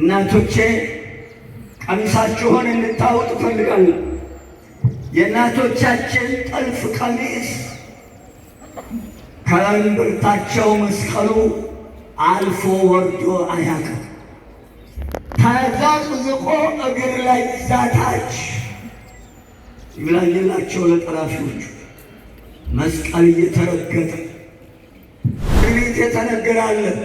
እናቶቼ ቀሚሳችሁን እንድታወጡ እፈልጋለሁ። የእናቶቻችን ጥልፍ ቀሚስ ከእምብርታቸው መስቀሉ አልፎ ወርዶ አያውቅም። ተዘቅዝቆ እግር ላይ ዛታች ይብላኝላቸው ለጠራፊዎቹ መስቀል እየተረገጠ ትርኢት የተነገራለን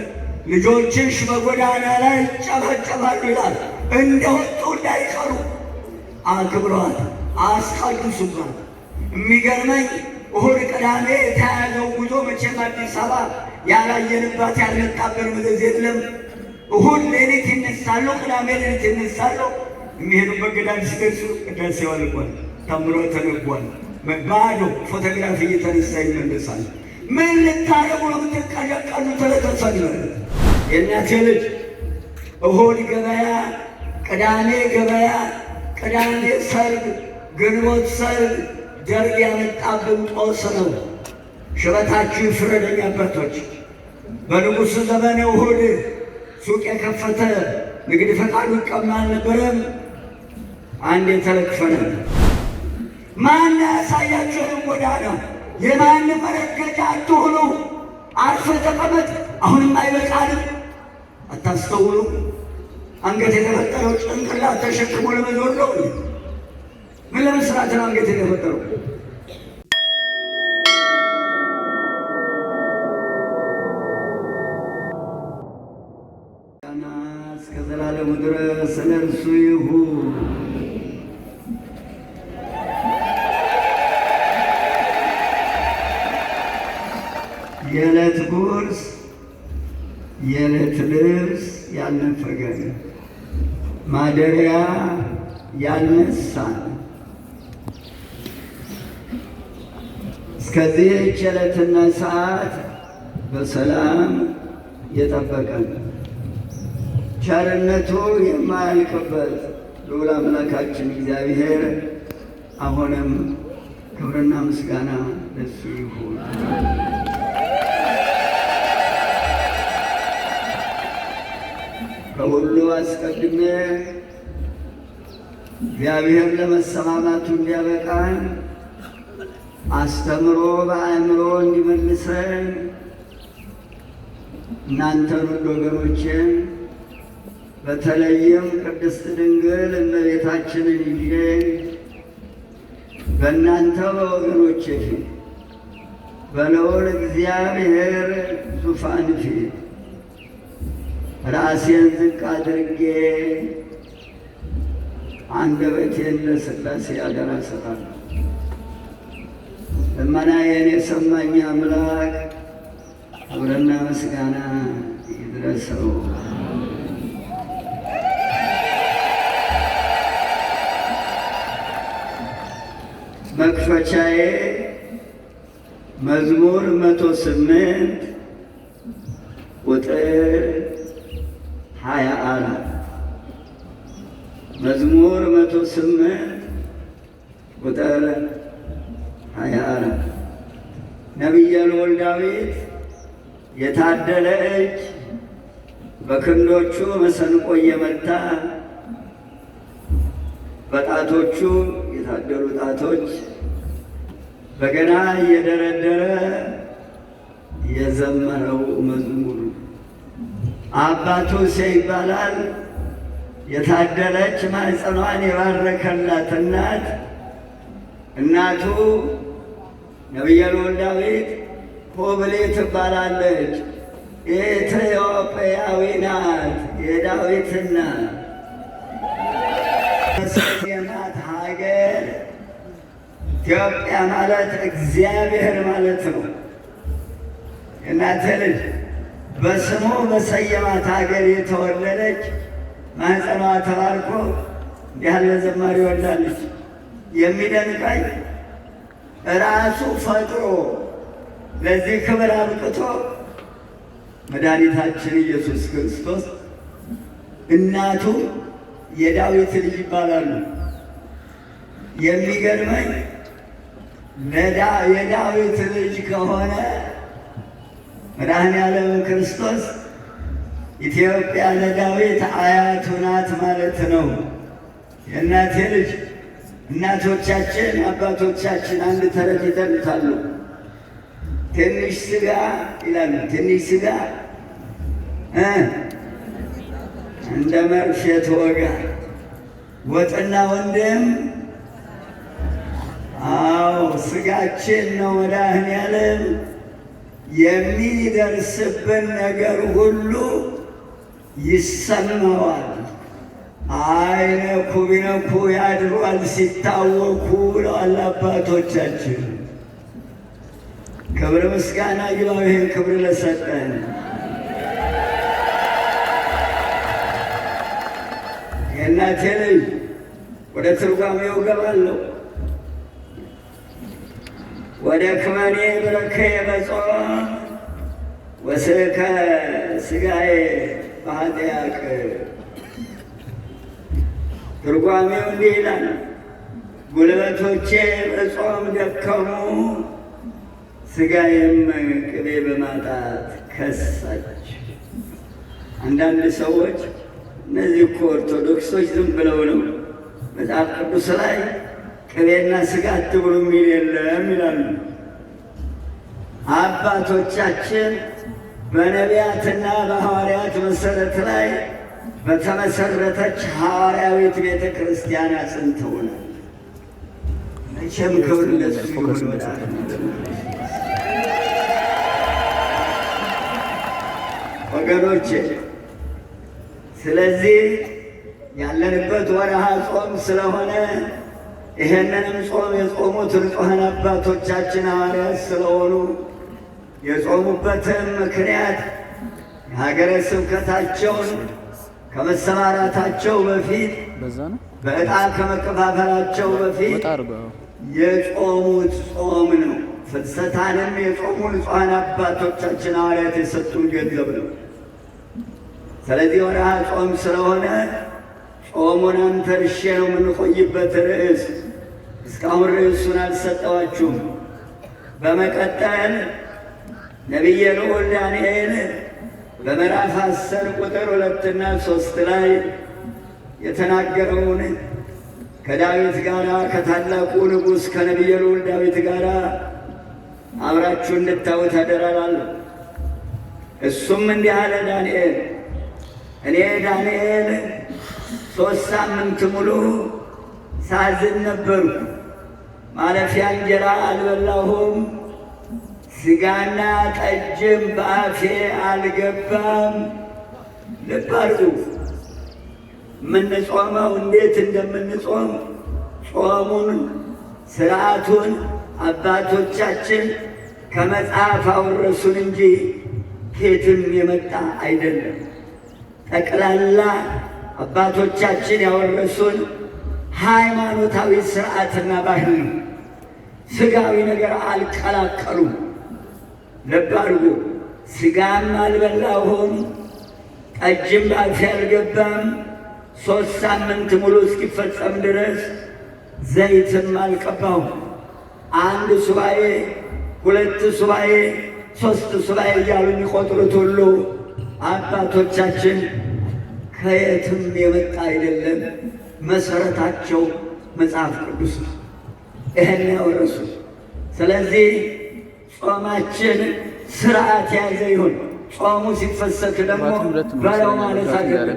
ልጆችሽ በጎዳና ላይ ጨፈጨፋሉ ይላል። እንደወጡ እንዳይቀሩ አክብረዋል፣ አስቀድሱባት። የሚገርመኝ እሁድ ቅዳሜ የተያዘው ጉዞ መቼም አዲስ አበባ ያላየንባት ያልመጣብን ምድር የለም። እሁድ ሌሊት ይነሳለሁ፣ ቅዳሜ ሌሊት ይነሳለሁ። የሚሄዱበት ገዳም ሲደርሱ ቅዳሴ ያልቋል፣ ተምሮ ተነቧል። ባዶ ፎቶግራፊ እየተነሳ ይመለሳል። ምን ልታደርጉ ነው የምትቀዠቀዙት? ተለተሰለ የእናቴ ልጅ እሁድ ገበያ፣ ቅዳሜ ገበያ፣ ቅዳሜ ሰርግ፣ ግንቦት ሰርግ ደርግ ያመጣብን ጦስ ነው። ሽበታችሁ ይፍረደኝ አባቶች። በንጉሥ ዘመን እሁድ ሱቅ የከፈተ ንግድ ፈቃዱ ይቀማ አልነበረም። አንድ የተለክፈነ ማን ያሳያችሁንም ጎዳና የማን መረገጃ አትሁኑ። አርፈ ተቀመጥ። አሁንም አይበቃልም። አታስተውሉ? አንገት የተፈጠረው ጭንቅላት ተሸክሞ ለመዞር ነው። ምን ለመስራት አንገት የተፈጠረው? ማደሪያ ያነሳል። እስከዚህ ዕለትና ሰዓት በሰላም የጠበቀን ቸርነቱ የማያልቅበት ልዑል አምላካችን እግዚአብሔር አሁንም ክብርና ምስጋና ለሱ ይሁን። ከሁሉ አስቀድሜ እግዚአብሔር ለመሰማማቱ እንዲያበቃን አስተምሮ በአእምሮ እንዲመልሰን እናንተን ውድ በተለይም ቅድስት ድንግል እመቤታችንን ይዤ በእናንተ በወገኖች ፊት በለውል እግዚአብሔር ዙፋን ፊት ራሴን ዝቅ አድርጌ አንደበቴን ለሥላሴ አደራ እሰጣለሁ። ልመናዬን የሰማኝ አምላክ ክብርና ምስጋና ይድረሰው። መክፈቻዬ መዝሙር መቶ ስምንት ቁጥር ሀያ አራት መዝሙር መቶ ስምንት ቁጥር ሀያ አራት ነቢየ ልዑል ዳዊት የታደለ እጅ በክንዶቹ መሰንቆ እየመታ በጣቶቹ የታደሉ ጣቶች በገና እየደረደረ የዘመረው መዝሙር አባቱ እሴይ ይባላል። የታደለች ማዕፀኗን የባረከላት እናት እናቱ ነቢየ ልዑል ዳዊት ሆብሌ ትባላለች። ኢትዮጵያዊ ናት። የዳዊት የናት ሀገር ኢትዮጵያ ማለት እግዚአብሔር ማለት ነው። የእናተ ልጅ በስሙ በሰየማት ሀገር የተወለደች ማህፀኗ ተባርኮ ያለ ዘማሪ ወልዳለች። የሚደንቀኝ ራሱ ፈጥሮ ለዚህ ክብር አብቅቶ መድኃኒታችን ኢየሱስ ክርስቶስ እናቱ የዳዊት ልጅ ይባላሉ። የሚገርመኝ የዳዊት ልጅ ከሆነ መድኃኔ ያለም ክርስቶስ ኢትዮጵያ ለዳዊት አያቱ ናት ማለት ነው። የእናቴ ልጅ እናቶቻችን አባቶቻችን አንድ ተረት ይተርታሉ። ትንሽ ስጋ ይላሉ። ትንሽ ስጋ እንደ መርፌ ትወጋ፣ ወጥና ወንድም። አዎ ስጋችን ነው መድኃኔዓለም የሚደርስብን ነገር ሁሉ ይሰማዋል። አይነኩ ቢነኩ ያድሯል፣ ሲታወኩ ብለዋል አባቶቻችን። ክብር ምስጋና ይግባው ይህን ክብር ለሰጠን የእናቴ ልጅ። ወደ ትርጓሜው ገባለሁ። ወደ ክመኔ ብረከ የበጾም ወስከ ስጋዬ ማህጢአት ትርጓሜው እንዲህ ይላል፣ ጉልበቶቼ በጾም ደከሙ፣ ስጋዬም ቅቤ በማጣት ከሳች። አንዳንድ ሰዎች እነዚህ እኮ ኦርቶዶክሶች ዝም ብለው ነው መጽሐፍ ቅዱስ ላይ ቅቤና ስጋ አትብሉ የሚል የለም ይላሉ አባቶቻችን በነቢያትና በሐዋርያት መሰረት ላይ በተመሰረተች ሐዋርያዊት ቤተ ክርስቲያን አጽንተውናል። መቼም ክብር ለሱ ይሁን። ስለዚህ ያለንበት ወርሃ ጾም ስለሆነ ይሄንንም ጾም የጾሙት ንጹሐን አባቶቻችን ሐዋርያት ስለሆኑ የጾሙበትም ምክንያት የሀገረ ስብከታቸውን ከመሰማራታቸው በፊት በዕጣ ከመከፋፈላቸው በፊት የጾሙት ጾም ነው። ፍልሰታንም የጾሙ ንጹሐን አባቶቻችን ሐዋርያት የሰጡን ገንዘብ ነው። ስለዚህ ወርሃ ጾም ስለሆነ ጾሙንም ተርሼ ነው የምንቆይበት ርዕስ። እስካሁን ርዕሱን አልሰጠዋችሁም። በመቀጠል ነቢየ ልዑል ዳንኤል በምዕራፍ አስር ቁጥር ሁለትና ሶስት ላይ የተናገረውን ከዳዊት ጋር ከታላቁ ንጉሥ ከነቢየ ልዑል ዳዊት ጋር አብራችሁ እንድታዩት አደራላለሁ። እሱም እንዲህ አለ ዳንኤል እኔ ዳንኤል ሦስት ሳምንት ሙሉ ሳዝን ነበርኩ፣ ማለፊያ እንጀራ አልበላሁም ስጋና ጠጅም በአፌ አልገባም። ልብ አድርጉ። የምንጾመው እንዴት እንደምንጾም ጾሙን ስርዓቱን አባቶቻችን ከመጽሐፍ አወረሱን እንጂ ከየትም የመጣ አይደለም። ጠቅላላ አባቶቻችን ያወረሱን ሃይማኖታዊ ስርዓትና ባህል ነው። ስጋዊ ነገር አልቀላቀሉም። ልብ አድርጉ። ስጋም አልበላሁም ጠጅም ባፌ አልገባም ሶስት ሳምንት ሙሉ እስኪፈጸም ድረስ ዘይትም አልቀባሁም። አንድ ሱባኤ፣ ሁለት ሱባኤ፣ ሦስት ሱባኤ እያሉ የሚቆጥሩት ሁሉ አባቶቻችን ከየትም የመጣ አይደለም። መሰረታቸው መጽሐፍ ቅዱስ ነው። ይህን ያወረሱ ስለዚህ ጾማችን ስርዓት የያዘ ይሁን። ጾሙ ሲፈሰክ ደግሞ በለው ማለት አገር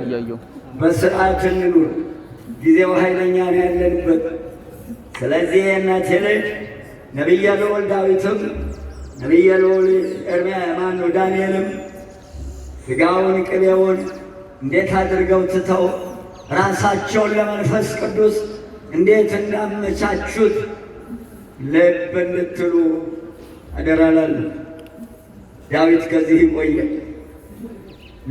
በስርዓት እንኑር። ጊዜው ኃይለኛ ነው ያለንበት። ስለዚህ እናቴ ልጅ ነቢየ ልዑል ዳዊትም ነቢየ ልዑል ኤርምያ ማኑ ዳንኤልም ስጋውን ቅቤውን እንዴት አድርገው ትተው ራሳቸውን ለመንፈስ ቅዱስ እንዴት እንዳመቻቹት ልብ ልትሉ አደራላለሁ። ዳዊት ከዚህ ይቆያል።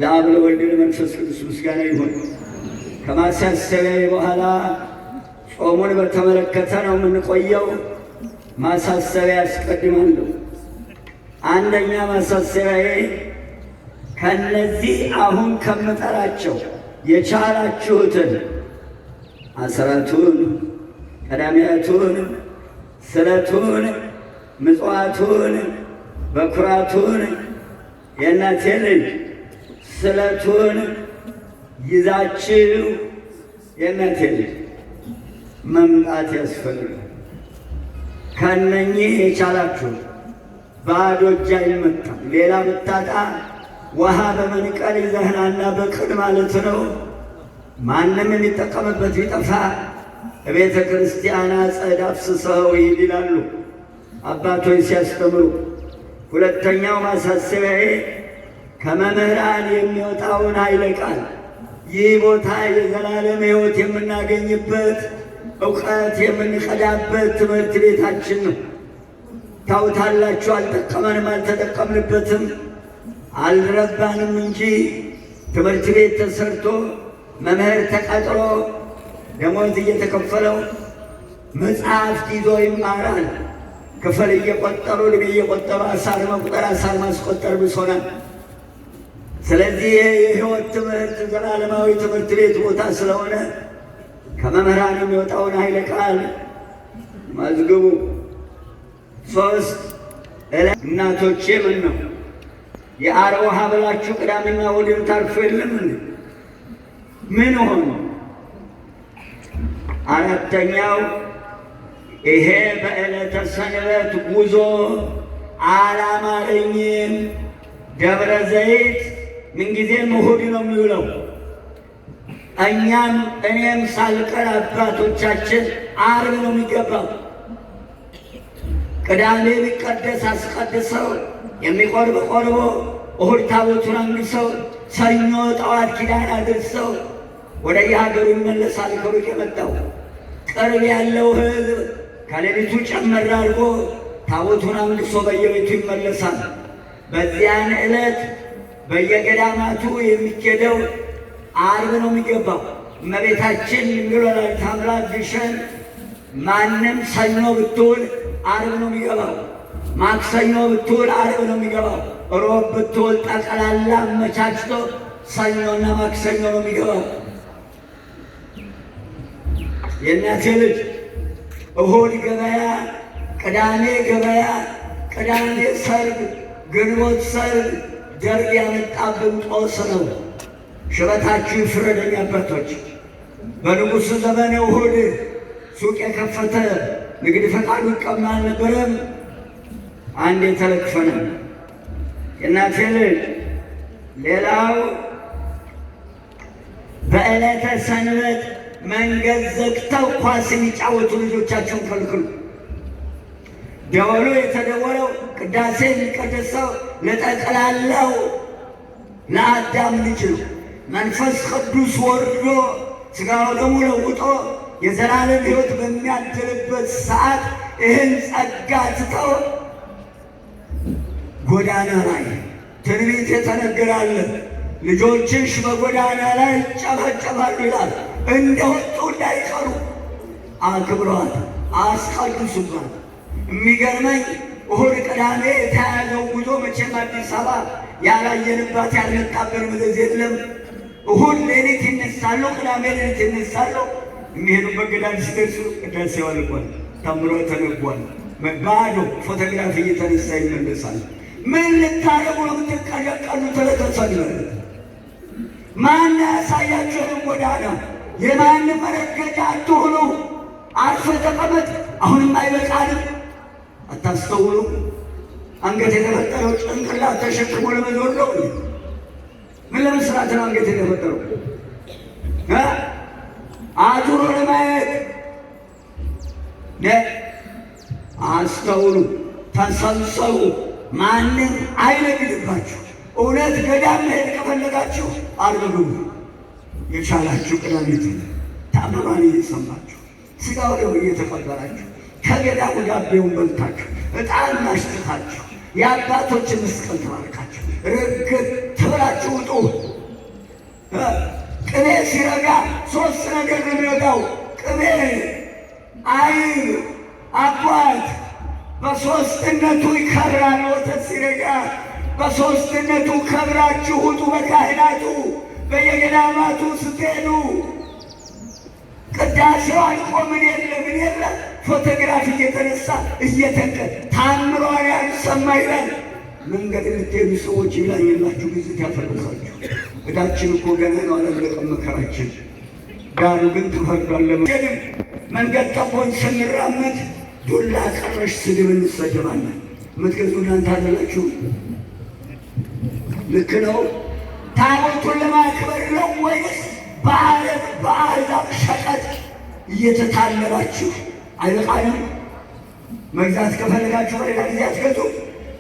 ለአብ ለወልድ ለመንፈስ ቅዱስ ምስጋና ይሁን። ከማሳሰቢያ በኋላ ጾሙን በተመለከተ ነው የምንቆየው። ማሳሰቢያ ያስቀድማለሁ። አንደኛ ማሳሰቢያዬ ከነዚህ አሁን ከምጠራቸው የቻላችሁትን አስራቱን፣ ቀዳሚያቱን፣ ስለቱን ምጽዋቱን በኩራቱን የእናቴ ልጅ ስለቱን ይዛችው የእናቴ ልጅ መምጣት ያስፈልጋል። ከነኚህ የቻላችሁ ባዶ እጅ አይመጣም። ሌላ ብታጣ ውሃ በመንቀል ይዘህናና በቅድ ማለት ነው። ማንም የሚጠቀምበት ቢጠፋ ቤተ ክርስቲያን አጸድ አፍስሰው ይላሉ። አባቶች ሲያስተምሩ። ሁለተኛው ማሳሰቢያዬ ከመምህራን የሚወጣውን ኃይለ ቃል ይህ ቦታ የዘላለም ሕይወት የምናገኝበት እውቀት የምንቀዳበት ትምህርት ቤታችን ነው። ታውታላችሁ፣ አልጠቀመንም፣ አልተጠቀምንበትም፣ አልረባንም እንጂ ትምህርት ቤት ተሰርቶ መምህር ተቀጥሮ ደሞዝ እየተከፈለው መጽሐፍት ይዞ ይማራል። ክፍል እየቆጠሩ ዕድሜ እየቆጠሩ አሳር መቁጠር አሳር ማስቆጠር ብሶናል። ስለዚህ የህይወት ትምህርት ዘላለማዊ ትምህርት ቤት ቦታ ስለሆነ ከመምህራን የሚወጣውን ኃይለ ቃል መዝግቡ። ሶስት እናቶቼ ምን ነው የአረውሃ ብላችሁ ቅዳሜና እሑድን ታርፎ የለም ምን ሆኑ? አራተኛው ይሄ በዕለተ ሰንበት ጉዞ አላማረኝም። ደብረ ዘይት ምንጊዜም እሁድ ነው የሚውለው። እኛም እኔም ሳልቀር አባቶቻችን አርብ ነው የሚገባው። ቅዳሜ የሚቀደስ አስቀድሰው የሚቆርብ ቆርቦ፣ እሁድ ታቦቱን አንግሰው፣ ሰኞ ጠዋት ኪዳን አድርሰው ወደ የሀገሩ ይመለሳል። ከሩቅ የመጣው ቅርብ ያለው ሕዝብ ከሌሊቱ ጨመር አድርጎ ታቦቱን አምልሶ በየቤቱ ይመለሳል። በዚያን ዕለት በየገዳማቱ የሚኬደው አርብ ነው የሚገባው። እመቤታችን የሚሎላል ታምራት ግሸን ማንም ሰኞ ብትውል አርብ ነው የሚገባው። ማክሰኞ ብትውል አርብ ነው የሚገባው። ሮብ ብትውል ጠቀላላ አመቻችቶ ሰኞና ማክሰኞ ነው የሚገባው። የእናቴ ልጅ እሁድ ገበያ፣ ቅዳሜ ገበያ፣ ቅዳሜ ሰርግ፣ ግንቦት ሰርግ ደርግ ያመጣብን ጦስ ነው። ሽበታችሁ ይፍረደኝ አባቶች። በንጉሱ ዘመን እሁድ ሱቅ የከፈተ ንግድ ፈቃዱ ይቀማ አልነበረም። አንድ የተለክፈነ የናቴል ሌላው በዕለተ ሰንበት መንገድ ዘግተው ኳስ የሚጫወቱ ልጆቻቸውን ከልክሉ። ደወሉ የተደወለው ቅዳሴ የሚቀደሰው ለጠቅላላው ለአዳም ልጅ ነው። መንፈስ ቅዱስ ወርዶ ሥጋ ወደሙ ለውጦ የዘላለም ሕይወት በሚያድርበት ሰዓት ይህን ጸጋ ትተው ጎዳና ላይ ትንቢት የተነገራለ ልጆችሽ በጎዳና ላይ ይጨፈጨፋሉ ይላል። እንደወጡ እንዳይቀሩ አክብረዋል፣ አስቀድሱታል። የሚገርመኝ እሁድ ቅዳሜ የተያያዘው ጉዞ መቼም አዲስ አበባ ያላየንባት ያልመጣብን ምድር የለም። እሁድ ሌሊት ይነሳሉ፣ ቅዳሜ ሌሊት ይነሳሉ። የሚሄዱበት ገዳም ሲደርሱ ቅዳሴ ያልቋል፣ ተምሮ ተነቧል። ባዶ ፎቶግራፊ እየተነሳ ይመለሳል። ምን ልታረጉ ነው የምትቀለቀሉት? ተለተሰል ማን ያሳያችሁንም ጎዳና የማን መረገጫ አትሁኑ። አርፈ ተቀመጥ፣ አሁንም አይበቃልም። አታስተውሉ። አንገት የተፈጠረው ጭንቅላት ተሸክሞ ለመዞር ነው። ምን ለመስራት ነው አንገት የተፈጠረው? አዙሮ ለማየት። አስተውሉ፣ ተሰብሰቡ፣ ማንም አይነግድባችሁ። እውነት ገዳም መሄድ ከፈለጋችሁ አርግቡ። የቻላችሁ ቅዳሜት ተአምባሪ እየሰማችሁ ስጋ ወደው እየተቀበላችሁ ከገዳ ዳቤውን በልታችሁ እጣን ማሽጥታችሁ የአባቶችን መስቀል ተባርካችሁ ርግብ ትብላችሁ ውጡ። ቅቤ ሲረጋ ሶስት ነገር ነው የሚረጋው። ቅቤ አይን፣ አባት በሶስትነቱ ይከብራል ወተት ሲረጋ በሶስትነቱ ከብራችሁ ውጡ በካህናቱ በየገዳማቱ ስትሄዱ ቅዳሴው አይቆምን የለ ምን የለ ፎቶግራፊ እየተነሳ እየተቀ ታምሯን ያልሰማ ይላል። መንገድ የምትሄዱ ሰዎች ይብላኝ የላችሁ ጊዜ ያፈርሳችሁ። እዳችን እኮ ገና ነው፣ አላለቀም መከራችን። ዳሩ ግን ተፈርዷል። ለመገድም መንገድ ጠቦን ስንራመድ ዱላ ቀረሽ ስድብ እንሰደባለን። ምትገዙ እናንተ አደላችሁ። ልክ ነው። ታቦቱን ለማክበር ነው ወይስ በዓለም በአሕዛብ ሸቀጥ እየተታለላችሁ አይበቃንም? መግዛት ከፈለጋችሁ በሌላ ጊዜ አትገዙ።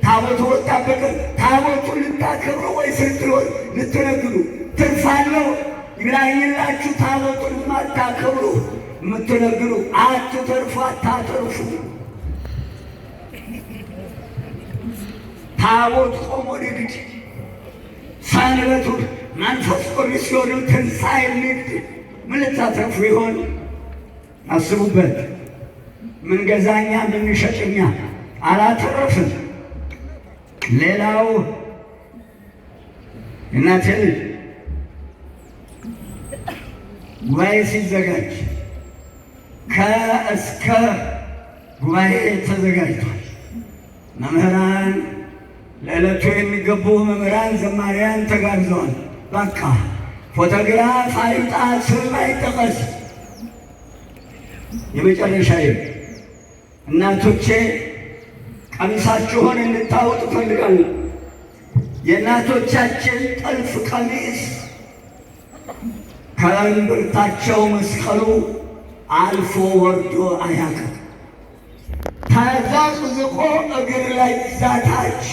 ታቦቱ ወጣበቀ። ታቦቱን ልታከብሩ ወይስ ልትሆን ልትነግዱ ትርፋለሁ ይብላኝላችሁ። ታቦቱን ማታከብሩ የምትነግዱ አትተርፉ፣ አታተርፉ። ታቦት ቆሞ ንግድ ሰንበቱ መንፈስ ቅዱስ ሲሆንም ትንሣኤ ንግድ ምን ልታተርፉ ይሆን? አስቡበት። ምን ገዛኛ ምን ሸጭኛ አላተረፍም። ሌላው እናቴ ልጅ ጉባኤ ሲዘጋጅ ከእስከ ጉባኤ ተዘጋጅቷል። መምህራን ለዕለቱ የሚገቡ መምህራን ዘማሪያን ተጋብዘዋል። በቃ ፎቶግራፍ አይውጣ፣ ስም አይጠቀስ። የመጨረሻዬ እናቶቼ ቀሚሳችሁን እንድታወጡ እፈልጋለሁ። የእናቶቻችን ጥልፍ ቀሚስ ከእምብርታቸው መስቀሉ አልፎ ወርዶ አያውቅም። ተዘቅዝቆ እግር ላይ ዛታች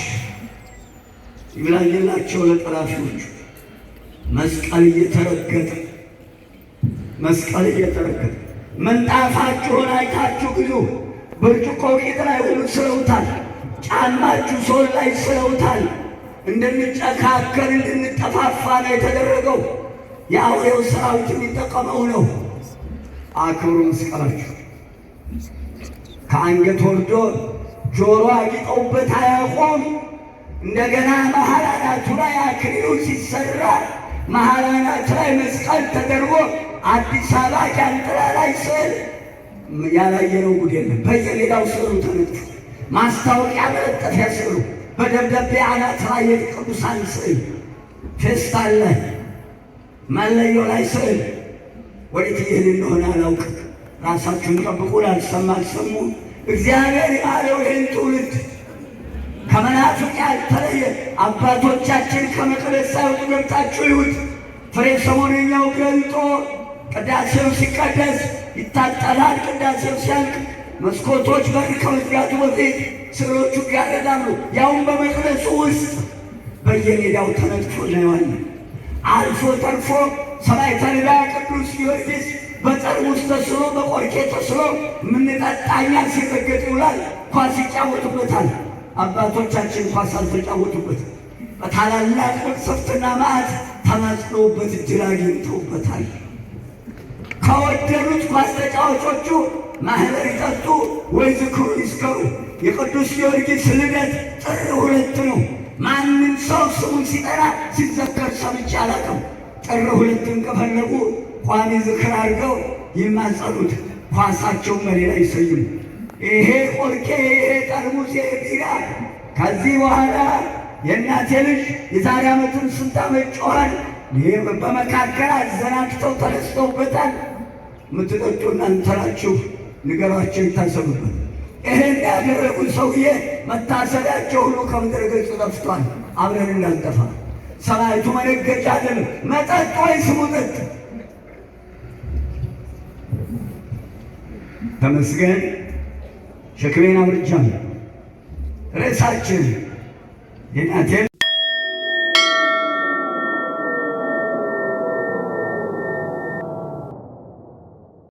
ይብላኝላቸው ለጠላፊዎች መስቀል እየተረገጠ መስቀል እየተረገጠ ምንጣፋችሁን አይታችሁ ግዙ። ብርጭቆ ቂጥ ላይ ሁሉ ስለውታል። ጫማችሁ ሶል ላይ ስለውታል። እንድንጨካከል እንድንጠፋፋ ነው የተደረገው። የአውሬው ሰራዊት የሚጠቀመው ነው። አክብሩ መስቀላችሁ። ከአንገት ወርዶ ጆሮ አጊጠውበት አያውቁም። እንደገና መሀል አናቱ ላይ አክሊሉ ሲሰራ መሀል አናቱ ላይ መስቀል ተደርጎ አዲስ አበባ ጃንጥላ ላይ ስዕል ያላየነው ጉድ የለም። በየሜዳው ስዕሉ ተነቱ ማስታወቂያ መለጠፊያ ስዕሉ በደብዳቤ አናት ላይ የቅዱሳን ስዕል ፌስታል ላይ መለዮ ላይ ስዕል ወዴት ይህን እንደሆነ አላውቅም። ራሳችሁን ጠብቁ። ላልሰማ አልሰሙ እግዚአብሔር ያለው ይህን ትውልድ ከመናፍቅ ያልተለየ አባቶቻችን ከመቅደስ ሳይወጡ ገብታችሁ ይሁት ፍሬ ሰሞነኛው ገልጦ ቅዳሴው ሲቀደስ ይታጠላል። ቅዳሴው ሲያልቅ መስኮቶች በር ከመዝጋቱ በፊት ስዕሎቹ ያረዳሉ። ያውም በመቅደሱ ውስጥ በየሜዳው ተነጥፎ እናየዋለን። አልፎ ተርፎ ሰማዕተ ነዳያ ቅዱስ ጊዮርጊስ በጠርሙስ ተስሎ በቆርኬ ተስሎ ምንጠጣኛ ሲረገጥ ይውላል። ኳስ ይጫወቱበታል። አባቶቻችን ኳስ አልተጫወቱበት። በታላላቅ መቅሰፍትና ማዕት ተማጽነውበት ድል አግኝተውበታል። ከወደዱት ኳስ ተጫዋቾቹ ማህበር ይጠጡ ወይ ዝክሩ ይስከሩ። የቅዱስ ጊዮርጊስ ልደት ጥር ሁለት ነው። ማንም ሰው ስሙን ሲጠራ ሲዘከር ሰምቼ አላውቅም። ጥር ሁለትን ከፈለጉ ቋሚ ዝክር አድርገው ይማጸኑት። ኳሳቸው መሌላ ይሰይሙ። ይሄ ቆርኬ ይሄ ጠርሙስ ቢራ ከዚህ በኋላ የእናቴ ልጅ የዛሬ ዓመትን ስንት ዓመት ጮኋል። በመካከል አዘናግተው ተነስተውበታል። የምትጠጡ እናንተ ናችሁ፣ ንገሯቸው ይታሰቡበት። ይሄን ያደረጉ ሰውዬ መታሰቢያቸው ሁሉ ከምድረ ገጽ ጠፍቷል። አብረን እንዳንጠፋ ሰማይቱ መነገጫ አለን። መጠጥ ወይስ ሙጠጥ? ተመስገን ሸክሜን አውርጃለሁ። ርዕሳችን የእናቴን